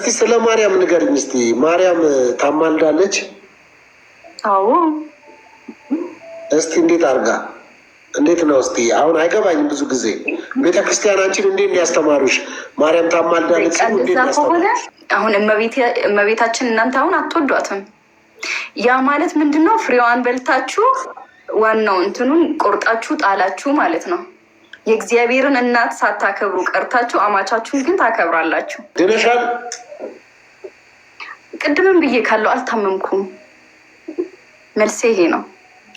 እስቲ ስለ ማርያም ንገሪኝ እስቲ። ማርያም ታማልዳለች? አዎ። እስቲ እንዴት አርጋ? እንዴት ነው እስቲ? አሁን አይገባኝም። ብዙ ጊዜ ቤተ ክርስቲያን አንቺን እንዴ እንዲያስተማሩሽ ማርያም ታማልዳለች ከሆነ አሁን እመቤታችን እናንተ አሁን አትወዷትም። ያ ማለት ምንድን ነው? ፍሬዋን በልታችሁ ዋናው እንትኑን ቆርጣችሁ ጣላችሁ ማለት ነው። የእግዚአብሔርን እናት ሳታከብሩ ቀርታችሁ አማቻችሁን ግን ታከብራላችሁ። ድነሻል ቅድምም ብዬ ካለው አልታመምኩም። መልሴ ይሄ ነው፣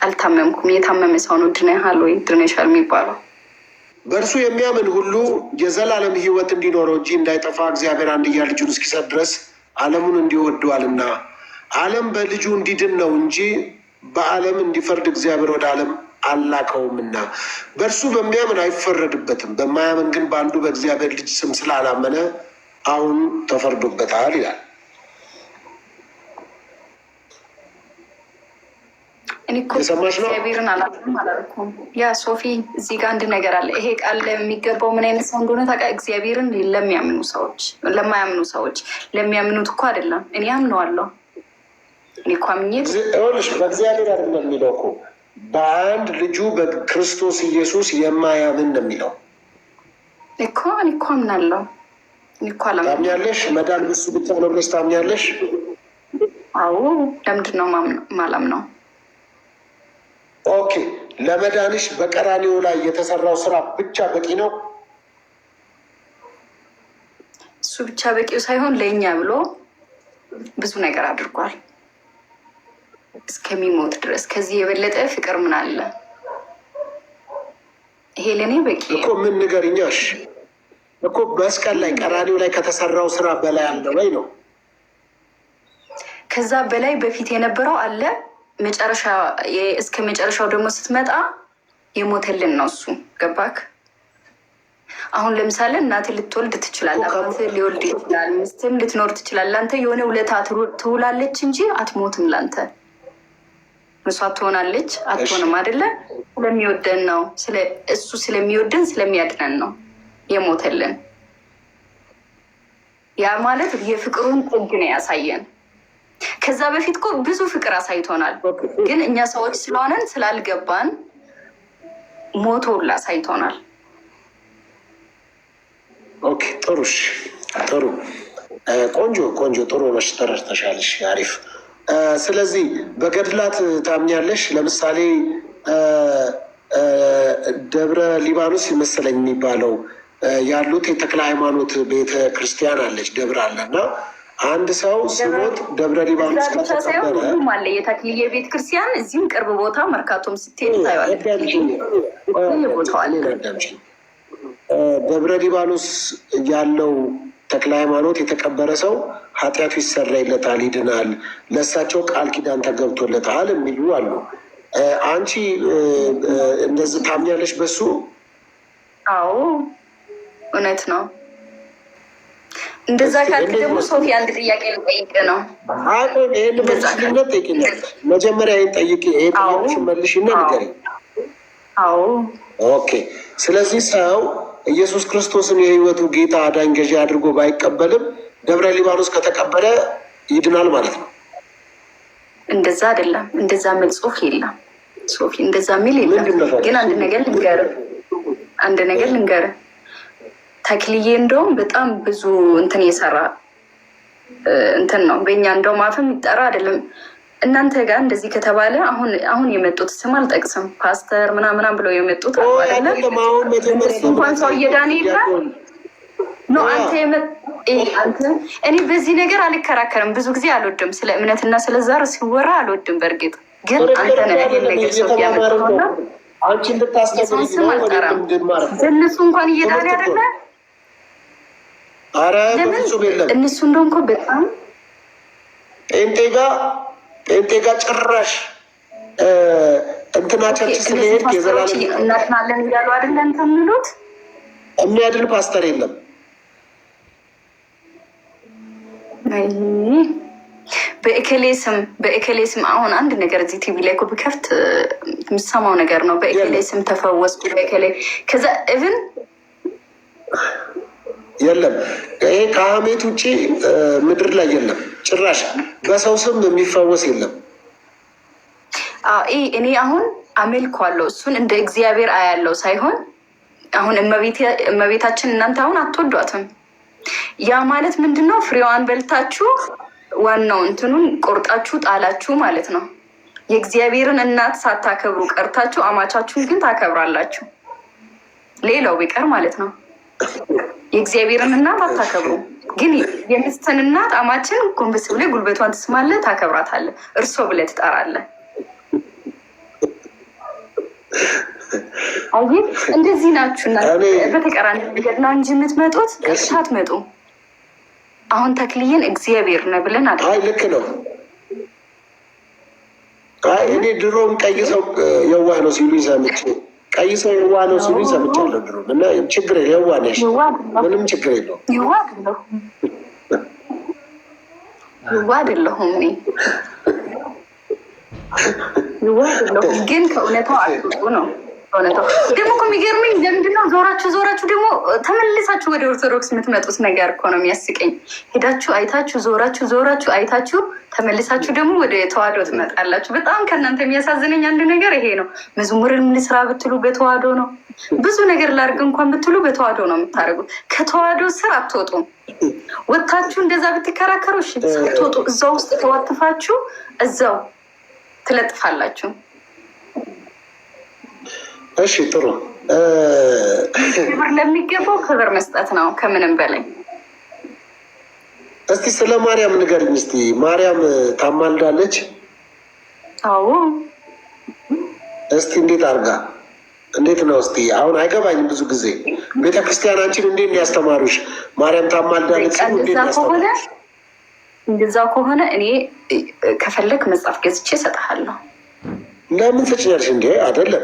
አልታመምኩም። የታመመ ሰው ነው ድነሃል ወይ ድነሻል የሚባለው። በእርሱ የሚያምን ሁሉ የዘላለም ሕይወት እንዲኖረው እንጂ እንዳይጠፋ እግዚአብሔር አንድያ ልጁን እስኪሰጥ ድረስ ዓለሙን ና ዓለም በልጁ እንዲድን ነው እንጂ በዓለም እንዲፈርድ እግዚአብሔር ወደ ዓለም አላከውምና በእርሱ በሚያምን አይፈረድበትም። በማያምን ግን በአንዱ በእግዚአብሔር ልጅ ስም ስላላመነ አሁን ተፈርዶበታል ይላል። ሰማሽ ነው እግዚአብሔርን አላልኩም አላልኩም። ያ ሶፊ እዚህ ጋር አንድ ነገር አለ። ይሄ ቃል ለሚገባው ምን አይነት ሰው እንደሆነ ታውቃ። እግዚአብሔርን ለሚያምኑ ሰዎች ለማያምኑ ሰዎች ለሚያምኑት እኮ አይደለም። እኔ አምነዋለሁ። እኔ እኮ አምኜት ሆንሽ በእግዚአብሔር አይደለም የሚለው እኮ በአንድ ልጁ በክርስቶስ ኢየሱስ የማያምን ነው የሚለው እኮ። እኔ እኮ አምናለሁ። እኔ እኮ አላምንም። ታምኛለሽ? መዳን ብሱ ብቻ ነው ብለሽ ታምኛለሽ? አዎ። ለምንድን ነው ማላም ነው ለመዳንሽ በቀራኒው ላይ የተሰራው ስራ ብቻ በቂ ነው። እሱ ብቻ በቂው ሳይሆን ለእኛ ብሎ ብዙ ነገር አድርጓል። እስከሚሞት ድረስ ከዚህ የበለጠ ፍቅር ምን አለ? ይሄ ለእኔ በቂ እኮ ምን ንገርኛሽ እኮ መስቀል ላይ ቀራንዮ ላይ ከተሰራው ስራ በላይ አለ ወይ ነው? ከዛ በላይ በፊት የነበረው አለ መጨረሻ እስከ መጨረሻው ደግሞ ስትመጣ የሞተልን ነው እሱ። ገባክ? አሁን ለምሳሌ እናት ልትወልድ ትችላል፣ አባት ሊወልድ ይችላል፣ ምስትም ልትኖር ትችላል። ለአንተ የሆነ ውለታ ትውላለች እንጂ አትሞትም። ለአንተ እሷ ትሆናለች፣ አትሆንም። አይደለ? ስለሚወደን ነው እሱ ስለሚወደን ስለሚያድነን ነው የሞተልን። ያ ማለት የፍቅሩን ጥግ ነው ያሳየን። ከዛ በፊት እኮ ብዙ ፍቅር አሳይቶናል፣ ግን እኛ ሰዎች ስለሆነን ስላልገባን ሞቶ ሁላ አሳይቶናል። ኦኬ ጥሩሽ፣ ጥሩ ቆንጆ ቆንጆ ጥሩ ነሽ፣ ተረድተሻልሽ፣ አሪፍ። ስለዚህ በገድላት ታምኛለሽ? ለምሳሌ ደብረ ሊባኖስ ይመስለኝ የሚባለው ያሉት የተክለ ሃይማኖት ቤተ ክርስቲያን አለች፣ ደብር አለና አንድ ሰው ስሞት ደብረ ሊባኖስ ሁሉም አለ። የተክልዬ ቤተ ክርስቲያን እዚህም ቅርብ ቦታ መርካቶም ስትሄድ ደብረ ሊባኖስ ያለው ተክለ ሃይማኖት የተቀበረ ሰው ኃጢአቱ ይሰረይለታል፣ ይድናል፣ ለእሳቸው ቃል ኪዳን ተገብቶለታል የሚሉ አሉ። አንቺ እንደዚህ ታምኛለሽ? በሱ አዎ፣ እውነት ነው። እንደዛ ካልክ ደግሞ ሶፊ አንድ ጥያቄ ልጠይቅ ነው። መጀመሪያ ይህን ጠይቅ ይህ መልሽና ንገሪ። ኦኬ። ስለዚህ ሰው ኢየሱስ ክርስቶስን የህይወቱ ጌታ አዳኝ ገዢ አድርጎ ባይቀበልም ደብረ ሊባኖስ ከተቀበለ ይድናል ማለት ነው። እንደዛ አይደለም። እንደዛ የሚል ጽሁፍ የለም ሶፊ፣ እንደዛ የሚል የለም። ግን አንድ ነገር ልንገርህ፣ አንድ ነገር ልንገርህ ተክልዬ እንደውም በጣም ብዙ እንትን የሰራ እንትን ነው። በእኛ እንደውም አፍም ይጠራ አይደለም እናንተ ጋር እንደዚህ ከተባለ አሁን አሁን የመጡት ስም አልጠቅስም ፓስተር ምናምናም ብለው የመጡት እንኳን ሰው እየዳነ ይላል። አንተ እኔ በዚህ ነገር አልከራከርም። ብዙ ጊዜ አልወድም፣ ስለ እምነትና ስለ ዘር ሲወራ አልወድም። በእርግጥ ግን አንተ ነህ ነገር ሰው ያመጣውና ስም አልጠራም። እነሱ እንኳን እየዳነ አይደለ እነሱ እንደውም እኮ በጣም ጴንጤጋ ጴንጤጋ ጭራሽ እንትናቻችን ስለሄድ የዘላለም እናትናለን እያሉ አይደለ እንትን የሚሉት የሚያድን ፓስተር የለም። በእከሌ ስም በእከሌ ስም አሁን አንድ ነገር እዚህ ቲቪ ላይ እኮ ብከፍት የምሰማው ነገር ነው። በእከሌ ስም ተፈወስኩ በእከሌ ከዛ ኢቭን የለም። ይሄ ከሀሜት ውጭ ምድር ላይ የለም። ጭራሽ በሰው ስም የሚፈወስ የለም። እኔ አሁን አመልኳለሁ እሱን እንደ እግዚአብሔር አያለው ሳይሆን አሁን እመቤታችን እናንተ አሁን አትወዷትም። ያ ማለት ምንድን ነው? ፍሬዋን በልታችሁ ዋናው እንትኑን ቆርጣችሁ ጣላችሁ ማለት ነው። የእግዚአብሔርን እናት ሳታከብሩ ቀርታችሁ አማቻችሁን ግን ታከብራላችሁ። ሌላው ቢቀር ማለት ነው። የእግዚአብሔርን እናት አታከብሩ። ግን የምስትን እናት አማችን ጎንበስ ብላ ጉልበቷን ትስማለህ፣ ታከብራታለህ፣ እርሶ ብለህ ትጠራለህ። አይ እንደዚህ ናችሁ እና በተቀራኒ ነገር ነው እንጂ የምትመጡት ቅርሻ አትመጡም። አሁን ተክልዬን እግዚአብሔር ነው ብለን አ ልክ ነው። አይ እኔ ድሮም ቀይ ሰው የዋህ ነው ሲሉ ይዛምች ቀይ ሰው የዋ ነው ሲሉ ሰምቻለሁ ድሮ እና ችግር የዋ ነሽ ምንም ችግር የለውም። የዋ አይደለሁም የዋ አይደለሁም፣ ግን ከእውነታው አልወጡ ነው በእውነቱ ደግሞ እኮ የሚገርመኝ ለምንድነው ዞራችሁ ዞራችሁ ደግሞ ተመልሳችሁ ወደ ኦርቶዶክስ የምትመጡት ነገር እኮ ነው የሚያስቀኝ። ሄዳችሁ አይታችሁ ዞራችሁ ዞራችሁ አይታችሁ ተመልሳችሁ ደግሞ ወደ ተዋህዶ ትመጣላችሁ። በጣም ከእናንተ የሚያሳዝነኝ አንድ ነገር ይሄ ነው። መዝሙርን ልስራ ብትሉ በተዋህዶ ነው። ብዙ ነገር ላድርግ እንኳን ብትሉ በተዋህዶ ነው የምታደርጉት። ከተዋህዶ ስር አትወጡም። ወታችሁ እንደዛ ብትከራከሩ ሳትወጡ እዛው ውስጥ ተዋትፋችሁ እዛው ትለጥፋላችሁ። እሺ ጥሩ ክብር ለሚገባው ክብር መስጠት ነው ከምንም በላይ እስቲ ስለ ማርያም ንገሪኝ እስቲ ማርያም ታማልዳለች አዎ እስቲ እንዴት አርጋ እንዴት ነው እስቲ አሁን አይገባኝም ብዙ ጊዜ ቤተክርስቲያን አንቺን እንዴ ያስተማሩሽ ማርያም ታማልዳለች እንደዛ ከሆነ እኔ ከፈለግ መጽሐፍ ገዝቼ እሰጥሃለሁ ለምን ትችላለሽ እንዴ አይደለም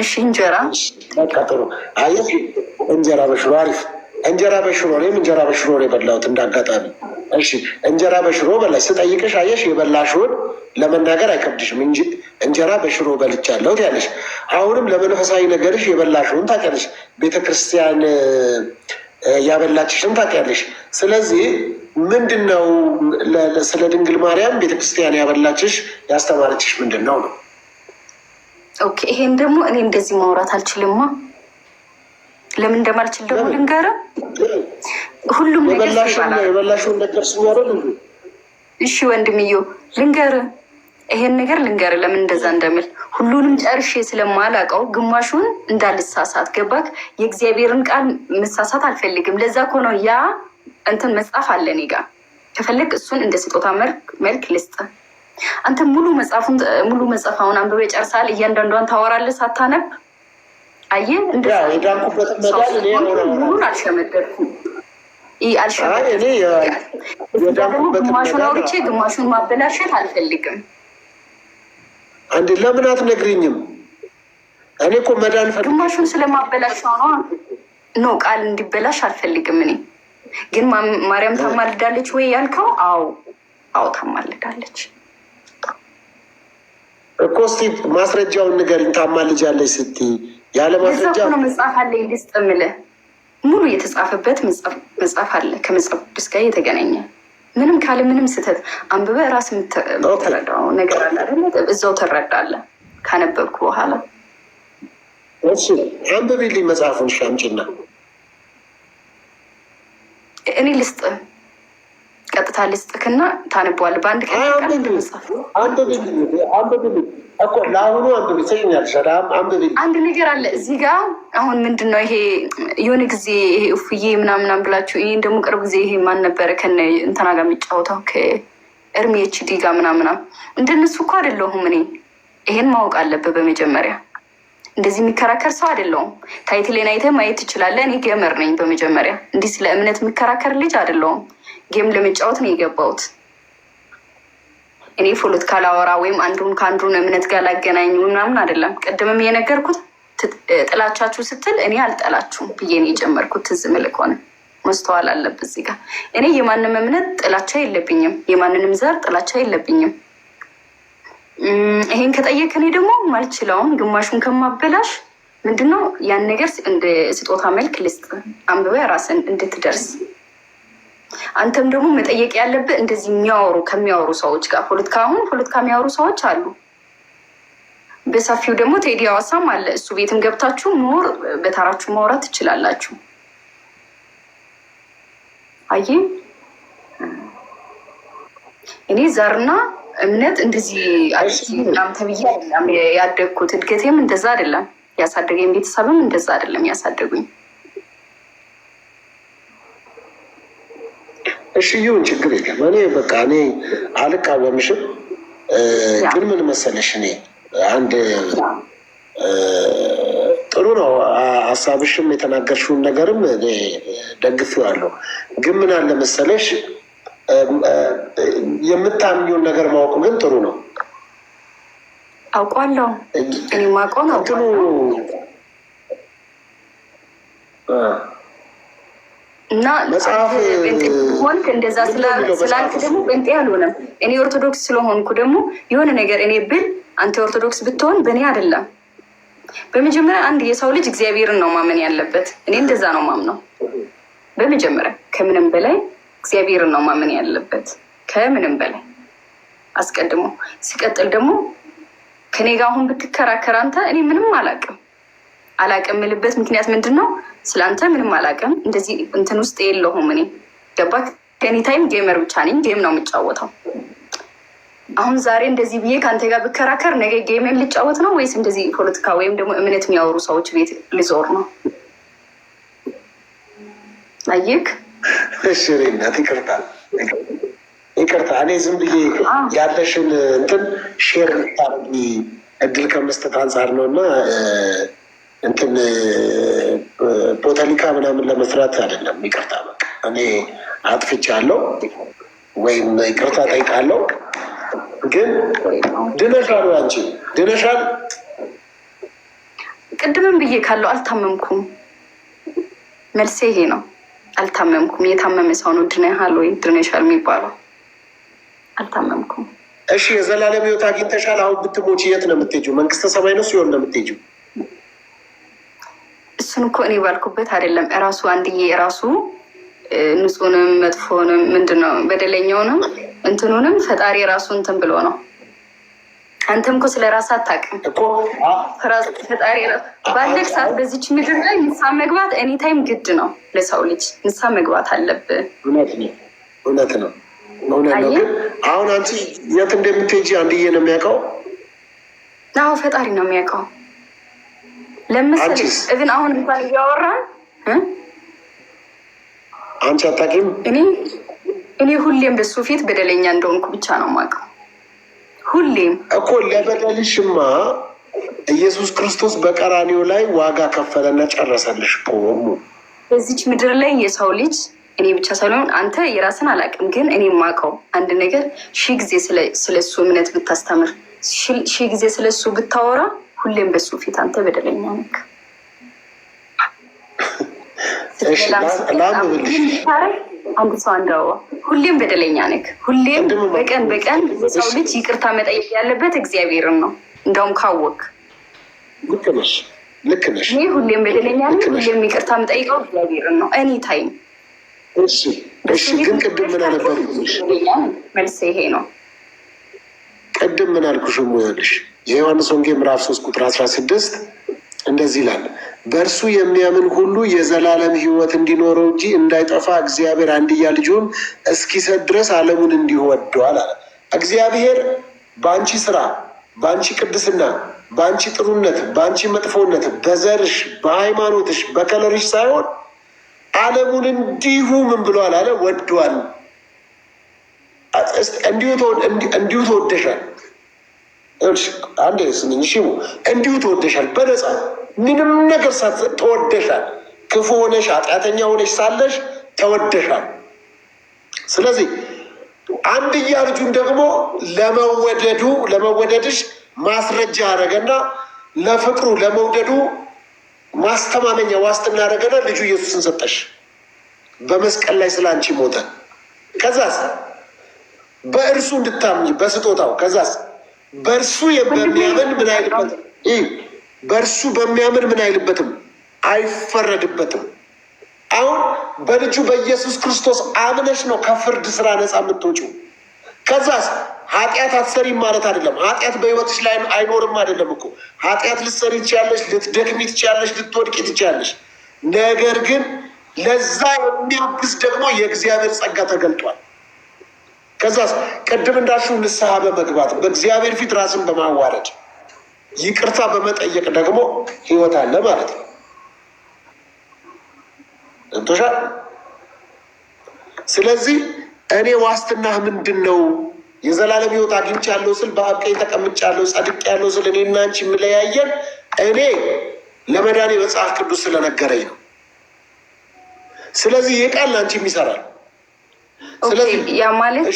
እሺ እንጀራ በቃ ጥሩ። አየህ እንጀራ በሽሮ አሪፍ። እንጀራ በሽሮ እኔም እንጀራ በሽሮ ነው የበላሁት እንዳጋጣሚ። እሺ እንጀራ በሽሮ በላሽ ስጠይቅሽ፣ አየሽ የበላሽውን ለመናገር አይከብድሽም እንጂ እንጀራ በሽሮ በልቻለሁ ያለሽ። አሁንም ለመንፈሳዊ ነገርሽ የበላሽውን ታውቂያለሽ። ቤተክርስቲያን ያበላችሽን ታውቂያለሽ። ስለዚህ ምንድን ነው ስለ ድንግል ማርያም ቤተክርስቲያን ያበላችሽ ያስተማረችሽ ምንድን ነው ነው ኦኬ። ይሄን ደግሞ እኔ እንደዚህ ማውራት አልችልማ። ለምን እንደማልችል ደግሞ ልንገርህ። ሁሉም ነገር ነገር ስያረል እሺ፣ ወንድምየው ልንገርህ፣ ይሄን ነገር ልንገር፣ ለምን እንደዛ እንደምል ሁሉንም ጨርሼ ስለማላውቀው ግማሹን እንዳልሳሳት ገባክ? የእግዚአብሔርን ቃል መሳሳት አልፈልግም። ለዛ እኮ ነው ያ እንትን መጽሐፍ አለ እኔ ጋ። ከፈለግ እሱን እንደ ስጦታ መልክ ልስጥ አንተ ሙሉ መጽሐፉን ሙሉ መጽሐፍ አሁን አንብበ ይጨርሳል። እያንዳንዷን ታወራለህ ሳታነብ። አየ እንደሙሉን አልሸመደድኩም። አልሸመደድኩም። ግማሹን አውርቼ ግማሹን ማበላሸት አልፈልግም። አንድ ለምን አትነግሪኝም? እኔ እኮ መዳን ግማሹን ስለማበላሸው ነው። ኖ ቃል እንዲበላሽ አልፈልግም። እኔ ግን ማርያም ታማልዳለች ወይ ያልከው፣ አዎ አዎ ታማልዳለች። እኮ እስኪ ማስረጃውን ንገሪኝ። ታማ ልጅ ያለች ስትይ ያለ ማስረጃ ነው። መጽሐፍ አለ ልስጥ የምልህ ሙሉ የተጻፈበት መጽሐፍ አለ ከመጽሐፍ ቅዱስ ጋር የተገናኘ ምንም ካለ ምንም ስህተት አንብበህ ራስ የምትረዳው ነገር አለ አይደለ? እዛው ትረዳለህ ካነበብኩ በኋላ። እሺ አንብቢልኝ መጽሐፉን ሻምጭና እኔ ልስጥ ቀጥታ ልስጥክና ታነበዋል። በአንድ ቀን አንድ ነገር አለ እዚህ ጋ አሁን ምንድን ነው ይሄ የሆነ ጊዜ ይሄ እፉዬ ምናምናም ብላችሁ ይህን ደግሞ ቅርብ ጊዜ ይሄ ማን ነበረ ከነ እንትና ጋር የሚጫወተው ከእርሜች ችዲ ጋ ምናምናም እንደነሱ እኮ አይደለሁም እኔ። ይሄን ማወቅ አለብህ በመጀመሪያ እንደዚህ የሚከራከር ሰው አይደለሁም። ታይትሌን አይተህ ማየት ትችላለህ። እኔ ገመር ነኝ በመጀመሪያ። እንዲህ ስለ እምነት የሚከራከር ልጅ አይደለውም። ጌም ለመጫወት ነው የገባሁት። እኔ ፖለቲካ ካላወራ ወይም አንዱን ከአንዱን እምነት ጋር ላገናኙ ምናምን አይደለም። ቅድምም የነገርኩት ጥላቻችሁ ስትል እኔ አልጠላችሁም ብዬ ነው የጀመርኩት። ትዝ ምልክ ሆነ መስተዋል አለብህ እዚህ ጋር። እኔ የማንም እምነት ጥላቻ የለብኝም፣ የማንንም ዘር ጥላቻ የለብኝም። ይሄን ከጠየቅ እኔ ደግሞ ማልችለውን ግማሹን ከማበላሽ ምንድነው ያን ነገር እንደ ስጦታ መልክ ልስጥ አንብበ ራስን እንድትደርስ አንተም ደግሞ መጠየቅ ያለብህ እንደዚህ የሚያወሩ ከሚያወሩ ሰዎች ጋር ፖለቲካ አሁን ፖለቲካ የሚያወሩ ሰዎች አሉ። በሰፊው ደግሞ ቴዲ አዋሳም አለ። እሱ ቤትም ገብታችሁ ኖር በታራችሁ ማውራት ትችላላችሁ። አይም እኔ ዘርና እምነት እንደዚህ ናም ተብዬ ያደግኩት እድገቴም እንደዛ አይደለም። ያሳደገኝ ቤተሰብም እንደዛ አይደለም ያሳደጉኝ እሺ ይሁን፣ ችግር የለም። እኔ በቃ እኔ አልቃወምሽም። ግን ምን መሰለሽ፣ እኔ አንድ ጥሩ ነው ሀሳብሽም የተናገርሽውን ነገርም ደግፌዋለሁ። ግን ምን አለ መሰለሽ፣ የምታምኙን ነገር ማወቁ ግን ጥሩ ነው። አውቋለሁ እኔ ነው እና ሆንክ እንደዛ ስላልክ ደግሞ ጴንጤ አልሆነም። እኔ ኦርቶዶክስ ስለሆንኩ ደግሞ የሆነ ነገር እኔ ብል አንተ ኦርቶዶክስ ብትሆን በእኔ አይደለም። በመጀመሪያ አንድ የሰው ልጅ እግዚአብሔርን ነው ማመን ያለበት። እኔ እንደዛ ነው ማምነው። በመጀመሪያ ከምንም በላይ እግዚአብሔርን ነው ማመን ያለበት፣ ከምንም በላይ አስቀድሞ። ሲቀጥል ደግሞ ከኔ ጋር አሁን ብትከራከር አንተ እኔ ምንም አላውቅም አላቅም ምክንያት ምንድን ነው? ስለአንተ ምንም አላቅም። እንደዚህ እንትን ውስጥ የለሁም እኔ ገባ። ከኒታይም ጌመር ብቻ ነኝ። ጌም ነው የምጫወተው። አሁን ዛሬ እንደዚህ ብዬ ከአንተ ጋር ብከራከር ነገ ጌም ልጫወት ነው ወይስ እንደዚህ ፖለቲካ ወይም ደግሞ እምነት የሚያወሩ ሰዎች ቤት ልዞር ነው? አየክ። እሺ እናት ይቅርታ፣ ይቅርታ። እኔ ዝም ብዬ ያለሽን እንትን ሼር ታደርጊ እድል ከመስጠት አንጻር ነው እና እንትን ቦታኒካ ምናምን ለመስራት አይደለም። ይቅርታ በቃ እኔ አጥፍቻለሁ ወይም ይቅርታ ጠይቃለሁ። ግን ድነሻል፣ አንቺ ድነሻል። ቅድምም ብዬ ካለው አልታመምኩም። መልሴ ይሄ ነው፣ አልታመምኩም። የታመመ ሰው ነው ድነሃል ወይ ድነሻል የሚባለው። አልታመምኩም። እሺ፣ የዘላለም ህይወት አግኝተሻል። አሁን ብትሞች የት ነው የምትሄጂው? መንግስተ ሰማይ ነው ሲሆን ነው የምትሄጂው? እሱን እኮ እኔ ባልኩበት አይደለም። እራሱ አንድዬ እራሱ ንጹንም መጥፎንም ምንድን ነው በደለኛውንም እንትኑንም ፈጣሪ ራሱ እንትን ብሎ ነው። አንተም እኮ ስለ ራስ አታውቅም። ፈጣሪ ባለቅ ሰዓት በዚች ምድር ላይ ንሳ መግባት ኤኒ ታይም ግድ ነው። ለሰው ልጅ ንሳ መግባት አለብ። እውነት ነው። አሁን አንቺ የት እንደምትሄጂ አንድዬ ነው የሚያውቀው። አዎ ፈጣሪ ነው የሚያውቀው። ለምሳሌ እግን አሁን እንኳን እያወራን አንቺ አታውቂም። እኔ እኔ ሁሌም በሱ ፊት በደለኛ እንደሆንኩ ብቻ ነው የማውቀው። ሁሌም እኮ ለበደልሽማ ኢየሱስ ክርስቶስ በቀራኒው ላይ ዋጋ ከፈለና ጨረሰልሽ። ቆሙ በዚች ምድር ላይ የሰው ልጅ እኔ ብቻ ሳይሆን አንተ የራስን አላውቅም፣ ግን እኔ የማውቀው አንድ ነገር ሺህ ጊዜ ስለሱ እምነት ብታስተምር፣ ሺህ ጊዜ ስለሱ ብታወራ ሁሌም በሱ ፊት አንተ በደለኛ ነክ አንድ ሰው አንድ ሁሌም በደለኛ ነክ። ሁሌም በቀን በቀን ሰው ልጅ ይቅርታ መጠየቅ ያለበት እግዚአብሔርን ነው። እንደውም ካወቅ ልክ ነሽ፣ ሁሌም በደለኛ ነ ሁሌም ይቅርታ መጠይቀው እግዚአብሔርን ነው። እኔ ታይም ግን ቅድም ምን አለበት መልስ ይሄ ነው። ቅድም ምን አልኩሽ ሙያለሽ የዮሐንስ ወንጌል ምዕራፍ ሶስት ቁጥር አስራ ስድስት እንደዚህ ይላል በእርሱ የሚያምን ሁሉ የዘላለም ሕይወት እንዲኖረው እንጂ እንዳይጠፋ እግዚአብሔር አንድያ ልጁን እስኪሰጥ ድረስ ዓለሙን እንዲወደዋል አለ። እግዚአብሔር በአንቺ ስራ፣ በአንቺ ቅድስና፣ በአንቺ ጥሩነት፣ በአንቺ መጥፎነት፣ በዘርሽ፣ በሃይማኖትሽ፣ በከለርሽ ሳይሆን ዓለሙን እንዲሁ ምን ብሏል አለ ወደዋል። እንዲሁ ተወደሻል። አንድ ስንሽ እንዲሁ ተወደሻል። በነፃ ምንም ነገር ተወደሻል። ክፉ ሆነሽ ኃጢአተኛ ሆነሽ ሳለሽ ተወደሻል። ስለዚህ አንድያ ልጁን ደግሞ ለመወደዱ ለመወደድሽ ማስረጃ አደረገና ለፍቅሩ ለመውደዱ ማስተማመኛ ዋስትና አደረገና ልጁ ኢየሱስን ሰጠሽ። በመስቀል ላይ ስለ አንቺ ሞተ። ከዛስ በእርሱ እንድታምኝ በስጦታው ከዛስ በእርሱ በሚያምን ምን አይልበትም? በእርሱ በሚያምን ምን አይልበትም? አይፈረድበትም። አሁን በልጁ በኢየሱስ ክርስቶስ አምነሽ ነው ከፍርድ ስራ ነፃ የምትወጪው። ከዛስ ኃጢአት አትሰሪም ማለት አይደለም። ኃጢአት በሕይወትሽ ላይ አይኖርም አይደለም እኮ ኃጢአት ልትሰሪ ትችያለሽ፣ ልትደክሚ ትችያለሽ፣ ልትወድቂ ትችያለሽ። ነገር ግን ለዛ የሚያግዝ ደግሞ የእግዚአብሔር ጸጋ ተገልጧል። ከዛ ቅድም እንዳልሽው ንስሐ በመግባት በእግዚአብሔር ፊት ራስን በማዋረድ ይቅርታ በመጠየቅ ደግሞ ህይወት አለ ማለት ነው። እንቶሻ ስለዚህ እኔ ዋስትና ምንድን ነው? የዘላለም ህይወት አግኝቻለሁ ስል በአብ ቀኝ ተቀምጫለሁ ጸድቄያለሁ ስል እኔና አንቺ የምለያየን እኔ ለመዳኔ መጽሐፍ ቅዱስ ስለነገረኝ ነው። ስለዚህ ይህ ቃል ለአንቺም ይሰራል። ያ ማለት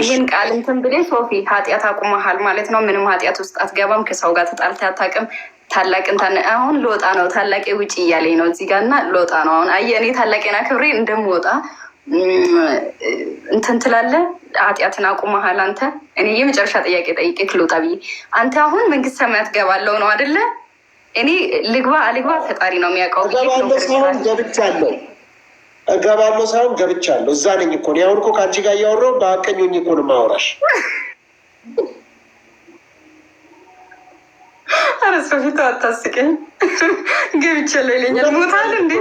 ይህን ቃል እንትን ብሌ ሶፊ ኃጢአት አቁመሃል ማለት ነው። ምንም ኃጢአት ውስጥ አትገባም። ከሰው ጋር ተጣልተህ አታውቅም። ታላቅን አሁን ልወጣ ነው ታላቄ ውጭ እያለኝ ነው እዚህ ጋር እና ልወጣ ነው አሁን አየህ፣ እኔ ታላቄና ክብሬ እንደምወጣ እንትን ትላለህ። ኃጢአትን አቁመሃል አንተ። እኔ የመጨረሻ ጥያቄ ጠይቄ ልውጣ ብዬ አንተ አሁን መንግስት ሰማያት ገባለው ነው አደለ? እኔ ልግባ አልግባ ፈጣሪ ነው የሚያውቀው። ገብቻለሁ እገባለሁ ሳይሆን ገብቻለሁ። እዛ ነኝ እኮ ነው። አሁን እኮ ከአንቺ ጋር እያወራሁ በቀኞኝ እኮ ነው የማወራሽ። ኧረ ሰው ፊቱ አታስቀኝ። ገብቻለሁ ይለኛል። ሞታል እንዴ?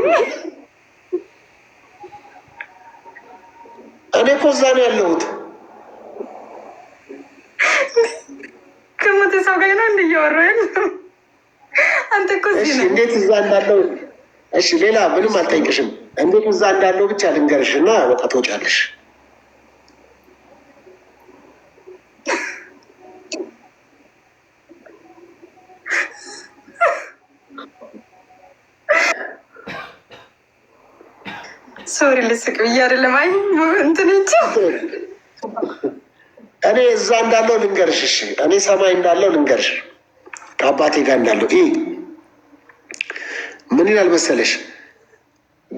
እኔ እኮ እዛ ነው ያለሁት። ከሞተ ሰው ጋር ነው እንደ እያወራሁ አንተ እኮ እዚህ እንዴት እዛ እንዳለው? እሺ ሌላ ምንም አልጠይቅሽም። እንዴት እዛ እንዳለው ብቻ ልንገርሽ እና በቃ ትወጫለሽ። ሶሪ ልስቅ ብዬ አይደለም። አይ እንትን እንጂ እኔ እዛ እንዳለው ልንገርሽ። እሺ እኔ ሰማይ እንዳለው ልንገርሽ፣ ከአባቴ ጋር እንዳለው ይህ ምን ይላል መሰለሽ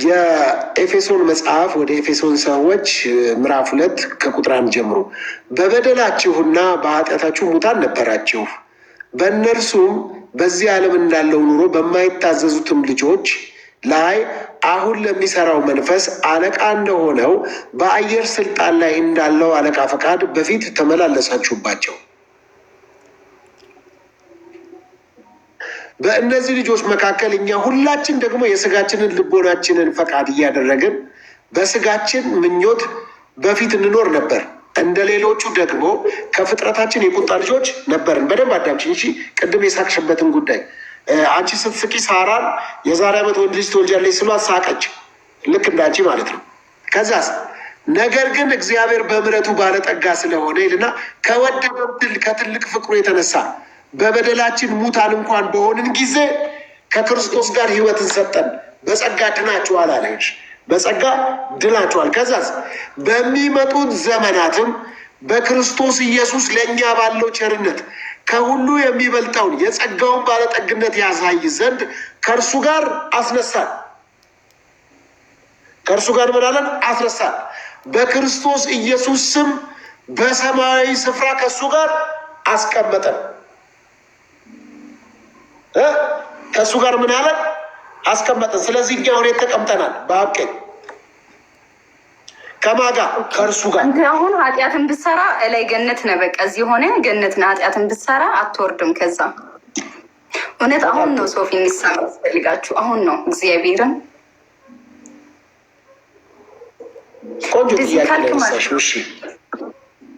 የኤፌሶን መጽሐፍ ወደ ኤፌሶን ሰዎች ምዕራፍ ሁለት ከቁጥር አንድ ጀምሮ በበደላችሁና በኃጢአታችሁ ሙታን ነበራችሁ፣ በእነርሱም በዚህ ዓለም እንዳለው ኑሮ በማይታዘዙትም ልጆች ላይ አሁን ለሚሰራው መንፈስ አለቃ እንደሆነው በአየር ስልጣን ላይ እንዳለው አለቃ ፈቃድ በፊት ተመላለሳችሁባቸው በእነዚህ ልጆች መካከል እኛ ሁላችን ደግሞ የስጋችንን ልቦናችንን ፈቃድ እያደረግን በስጋችን ምኞት በፊት እንኖር ነበር። እንደ ሌሎቹ ደግሞ ከፍጥረታችን የቁጣ ልጆች ነበርን። በደንብ አዳምጪኝ እሺ። ቅድም የሳቅሽበትን ጉዳይ አንቺ ስትስቂ ሳራን የዛሬ ዓመት ወንድ ልጅ ትወልጃለች ስሏት ሳቀች። ልክ እንዳንቺ ማለት ነው። ከዛስ ነገር ግን እግዚአብሔር በምረቱ ባለጠጋ ስለሆነ ይልና ከወደደው ከትልቅ ፍቅሩ የተነሳ በበደላችን ሙታን እንኳን በሆንን ጊዜ ከክርስቶስ ጋር ህይወትን ሰጠን። በጸጋ ድናችኋል አለች። በጸጋ ድናችኋል። ከዛስ በሚመጡት ዘመናትም በክርስቶስ ኢየሱስ ለእኛ ባለው ቸርነት ከሁሉ የሚበልጠውን የጸጋውን ባለጠግነት ያሳይ ዘንድ ከእርሱ ጋር አስነሳል። ከእርሱ ጋር ምናለን አስነሳል። በክርስቶስ ኢየሱስ ስም በሰማያዊ ስፍራ ከእሱ ጋር አስቀመጠን። ከእሱ ጋር ምን አለን አስቀመጠን። ስለዚህ እኛ ሁኔት ተቀምጠናል በአብ ከማጋ ከእርሱ ጋር እንትን አሁን ኃጢአትን ብትሰራ እላይ ገነት ነህ። በቃ እዚህ ሆነ ገነት ነህ። ኃጢአትን ብትሰራ አትወርድም። ከዛ እውነት አሁን ነው ሶፊ እንዲሰራ ያስፈልጋችሁ አሁን ነው እግዚአብሔርን ቆንጆ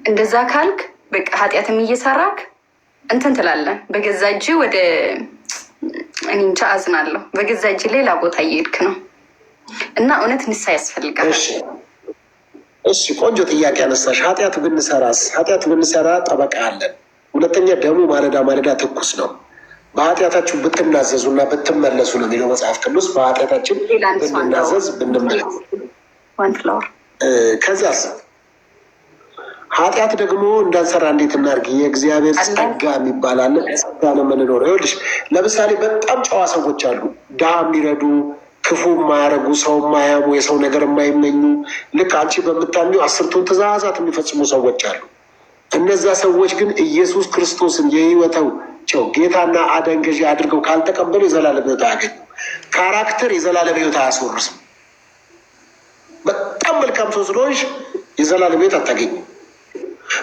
እንደዛ ካልክ በቃ ኃጢአትም እየሰራክ እንትን ትላለን በገዛ እጅ ወደ እኔ እንጃ አዝናለሁ። በገዛ እጅ ሌላ ቦታ እየሄድክ ነው እና እውነት ንሳ ያስፈልጋል። እሺ ቆንጆ ጥያቄ ያነሳሽ። ኃጢአት ብንሰራስ? ኃጢአት ብንሰራ ጠበቃ አለን። ሁለተኛ ደሙ ማለዳ ማለዳ ትኩስ ነው። በኃጢአታችሁ እና ብትመለሱ ነው የሚለው መጽሐፍ ቅዱስ። በኃጢአታችን ብንናዘዝ ብንመለስ ከዚያስ ኃጢአት ደግሞ እንዳንሰራ እንዴት እናርግ? የእግዚአብሔር ጸጋ የሚባላለ ጸጋ ነው የምንኖረው። ይኸውልሽ ለምሳሌ በጣም ጨዋ ሰዎች አሉ፣ ድሃ የሚረዱ ክፉ የማያደርጉ ሰው የማያሙ የሰው ነገር የማይመኙ ልክ አንቺ በምታምኘው አስርቱን ትእዛዛት የሚፈጽሙ ሰዎች አሉ። እነዛ ሰዎች ግን ኢየሱስ ክርስቶስን የህይወታቸው ጌታና አዳኝ ገዢ አድርገው ካልተቀበሉ የዘላለም ህይወት አያገኙም። ካራክተር የዘላለም ህይወት አያስወርስም። በጣም መልካም ሰው ስለሆንሽ የዘላለም ህይወት አታገኝም።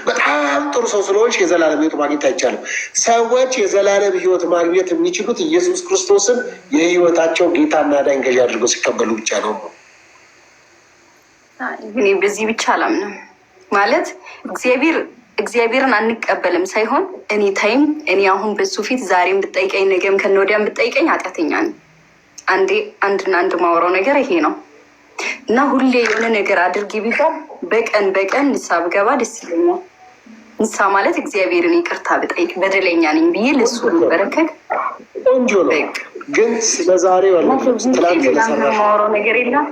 በጣም ጥሩ ሰው ስለሆንሽ የዘላለም ህይወት ማግኘት አይቻልም። ሰዎች የዘላለም ህይወት ማግኘት የሚችሉት ኢየሱስ ክርስቶስን የህይወታቸው ጌታና አዳኝ ገዢ አድርገው ሲቀበሉ ብቻ ነው። እኔ በዚህ ብቻ አላምንም። ማለት እግዚአብሔር እግዚአብሔርን አንቀበልም ሳይሆን እኔ ታይም እኔ አሁን በሱ ፊት ዛሬም ብጠይቀኝ ነገም ከነወዲያም ብጠይቀኝ ኃጢአተኛ ነኝ። አንዴ አንድና አንድ ማውራው ነገር ይሄ ነው እና ሁሌ የሆነ ነገር አድርጌ ቢባል በቀን በቀን ንሳ ብገባ ደስ ይለኛል። ንሳ ማለት እግዚአብሔርን ይቅርታ ብጠይቅ በደለኛ ነኝ ብዬ ልሱ በረከት ቆንጆ ነው። ግን ስለዛሬ ማውራው ነገር የለም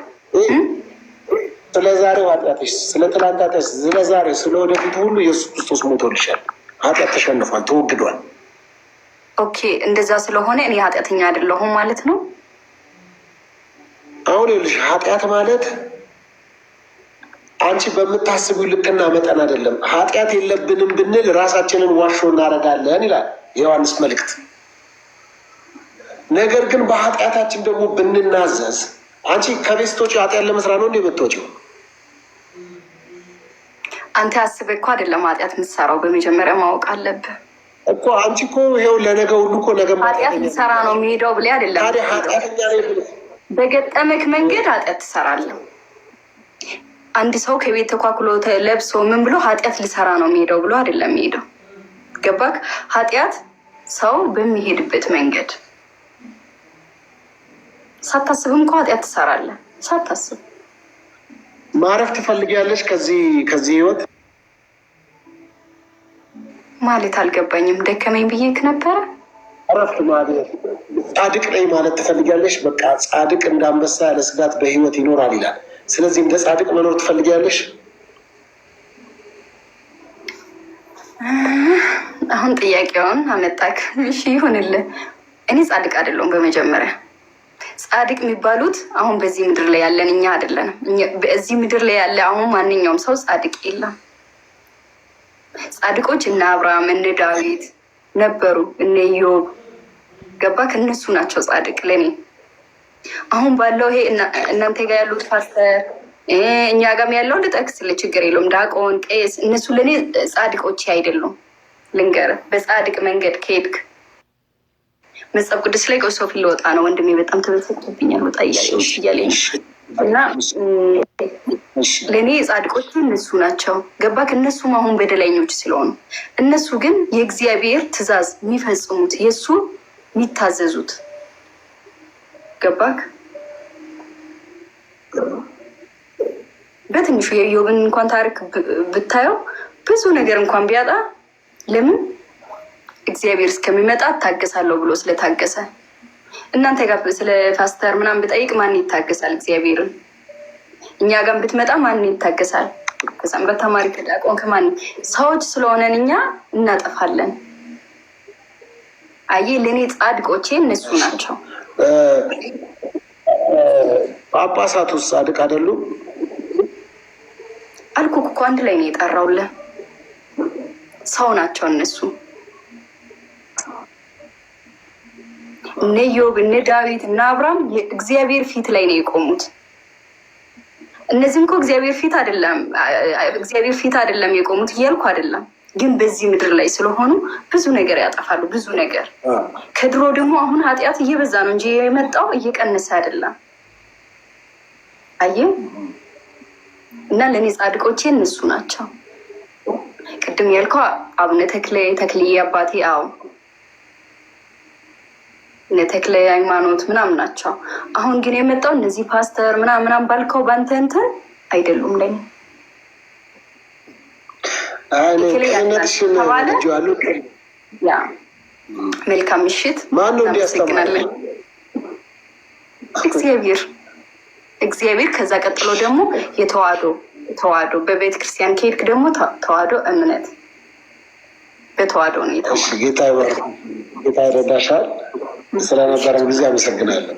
ስለዛሬው ኃጢአትሽ፣ ስለ ትላንት ኃጢአትሽ፣ ስለዛሬ ስለወደፊት ሁሉ ኢየሱስ ክርስቶስ ሞቶልሻል። ኃጢአት ተሸንፏል፣ ተወግዷል። ኦኬ፣ እንደዛ ስለሆነ እኔ ኃጢአተኛ አይደለሁም ማለት ነው። አሁን ይኸውልሽ ኃጢአት ማለት አንቺ በምታስቡ ልክና መጠን አይደለም። ኃጢአት የለብንም ብንል ራሳችንን ዋሾ እናደርጋለን ይላል የዮሐንስ መልእክት። ነገር ግን በኃጢአታችን ደግሞ ብንናዘዝ አንቺ ከቤት ስትወጪው ኃጢአት ለመስራት ነው እንደ የምትወጪው። አንተ አስበህ እኮ አይደለም ኃጢአት የምትሰራው፣ በመጀመሪያ ማወቅ አለብህ እኮ አንቺ እኮ ይኸው ለነገ ሁሉ እኮ ነገ ኃጢአት ልሰራ ነው የሚሄደው ብለህ አይደለም። በገጠመክ መንገድ ኃጢአት ትሰራለህ። አንድ ሰው ከቤት ተኳኩሎ ለብሶ ምን ብሎ ኃጢአት ሊሰራ ነው የሚሄደው ብሎ አይደለም የሚሄደው። ገባክ? ኃጢአት ሰው በሚሄድበት መንገድ ሳታስብ እንኳ ኃጢአት ትሰራለህ። ሳታስብ ማረፍ ትፈልጊያለሽ ከዚህ ከዚህ ህይወት ማለት አልገባኝም። ደከመኝ ብዬ ነበረ። እረፍት ማለት ጻድቅ ነኝ ማለት ትፈልጊያለሽ? በቃ ጻድቅ እንዳንበሳ ያለ ስጋት በህይወት ይኖራል ይላል ስለዚህ እንደ ጻድቅ መኖር ትፈልጊያለሽ? አሁን ጥያቄውን አመጣክ። እሺ ይሁንልህ። እኔ ጻድቅ አይደለሁም። በመጀመሪያ ጻድቅ የሚባሉት አሁን በዚህ ምድር ላይ ያለን እኛ አይደለንም። በዚህ ምድር ላይ ያለ አሁን ማንኛውም ሰው ጻድቅ የለም። ጻድቆች እነ አብርሃም እነ ዳዊት ነበሩ፣ እነ ኢዮብ ገባክ? እነሱ ናቸው ጻድቅ ለእኔ አሁን ባለው ይሄ እናንተ ጋር ያሉት ፓስተር እኛ ጋም ያለውን ልጠቅስልህ ችግር የለውም። ዳቆን፣ ቄስ እነሱ ለእኔ ጻድቆች አይደሉም። ልንገር በጻድቅ መንገድ ከሄድክ መጽሐፍ ቅዱስ ላይ ቆሶ ፊት ልወጣ ነው ወንድሜ፣ በጣም ተበሰቶብኛል። ወጣ እያለኝ እና ለእኔ ጻድቆች እነሱ ናቸው። ገባክ? እነሱም አሁን በደለኞች ስለሆኑ እነሱ ግን የእግዚአብሔር ትእዛዝ የሚፈጽሙት የእሱ የሚታዘዙት ገባክ? በትንሹ የኢዮብን እንኳን ታሪክ ብታየው ብዙ ነገር እንኳን ቢያጣ ለምን እግዚአብሔር እስከሚመጣ እታገሳለሁ ብሎ ስለታገሰ። እናንተ ጋር ስለ ፓስተር ምናምን ብጠይቅ ማን ይታገሳል? እግዚአብሔርን እኛ ጋር ብትመጣ ማን ይታገሳል? ከዛም በተማሪ ከዳቆን ከማን ሰዎች ስለሆነን እኛ እናጠፋለን። አየ ለእኔ ጻድቆቼ እነሱ ናቸው። ጳጳሳት ውስጥ ጻድቅ አይደሉም አልኩህ እኮ አንድ ላይ ነው የጠራውልህ። ሰው ናቸው እነሱ እነ ዮብ እነ ዳዊት እነ አብርሃም እግዚአብሔር ፊት ላይ ነው የቆሙት። እነዚህም እኮ እግዚአብሔር ፊት አይደለም እግዚአብሔር ፊት አይደለም የቆሙት እያልኩ አይደለም ግን በዚህ ምድር ላይ ስለሆኑ ብዙ ነገር ያጠፋሉ። ብዙ ነገር ከድሮ ደግሞ አሁን ኃጢአት እየበዛ ነው እንጂ የመጣው እየቀነሰ አይደለም። አየ እና ለእኔ ጻድቆቼ እነሱ ናቸው። ቅድም ያልከው አቡነ ተክለ ተክልዬ አባቴ፣ አዎ እነ ተክለ ሃይማኖት ምናምን ናቸው። አሁን ግን የመጣው እነዚህ ፓስተር ምናምን ባልከው ባንተ እንትን አይደሉም ለኔ መልካም ምሽት። ማነው እግዚአብሔር እግዚአብሔር። ከዛ ቀጥሎ ደግሞ የተዋዶ ተዋዶ በቤተ ክርስቲያን ከሄድክ ደግሞ ተዋዶ እምነት በተዋዶ ነው። ጌታ ጌታ ይረዳሻል። ስለነበረን ጊዜ አመሰግናለሁ።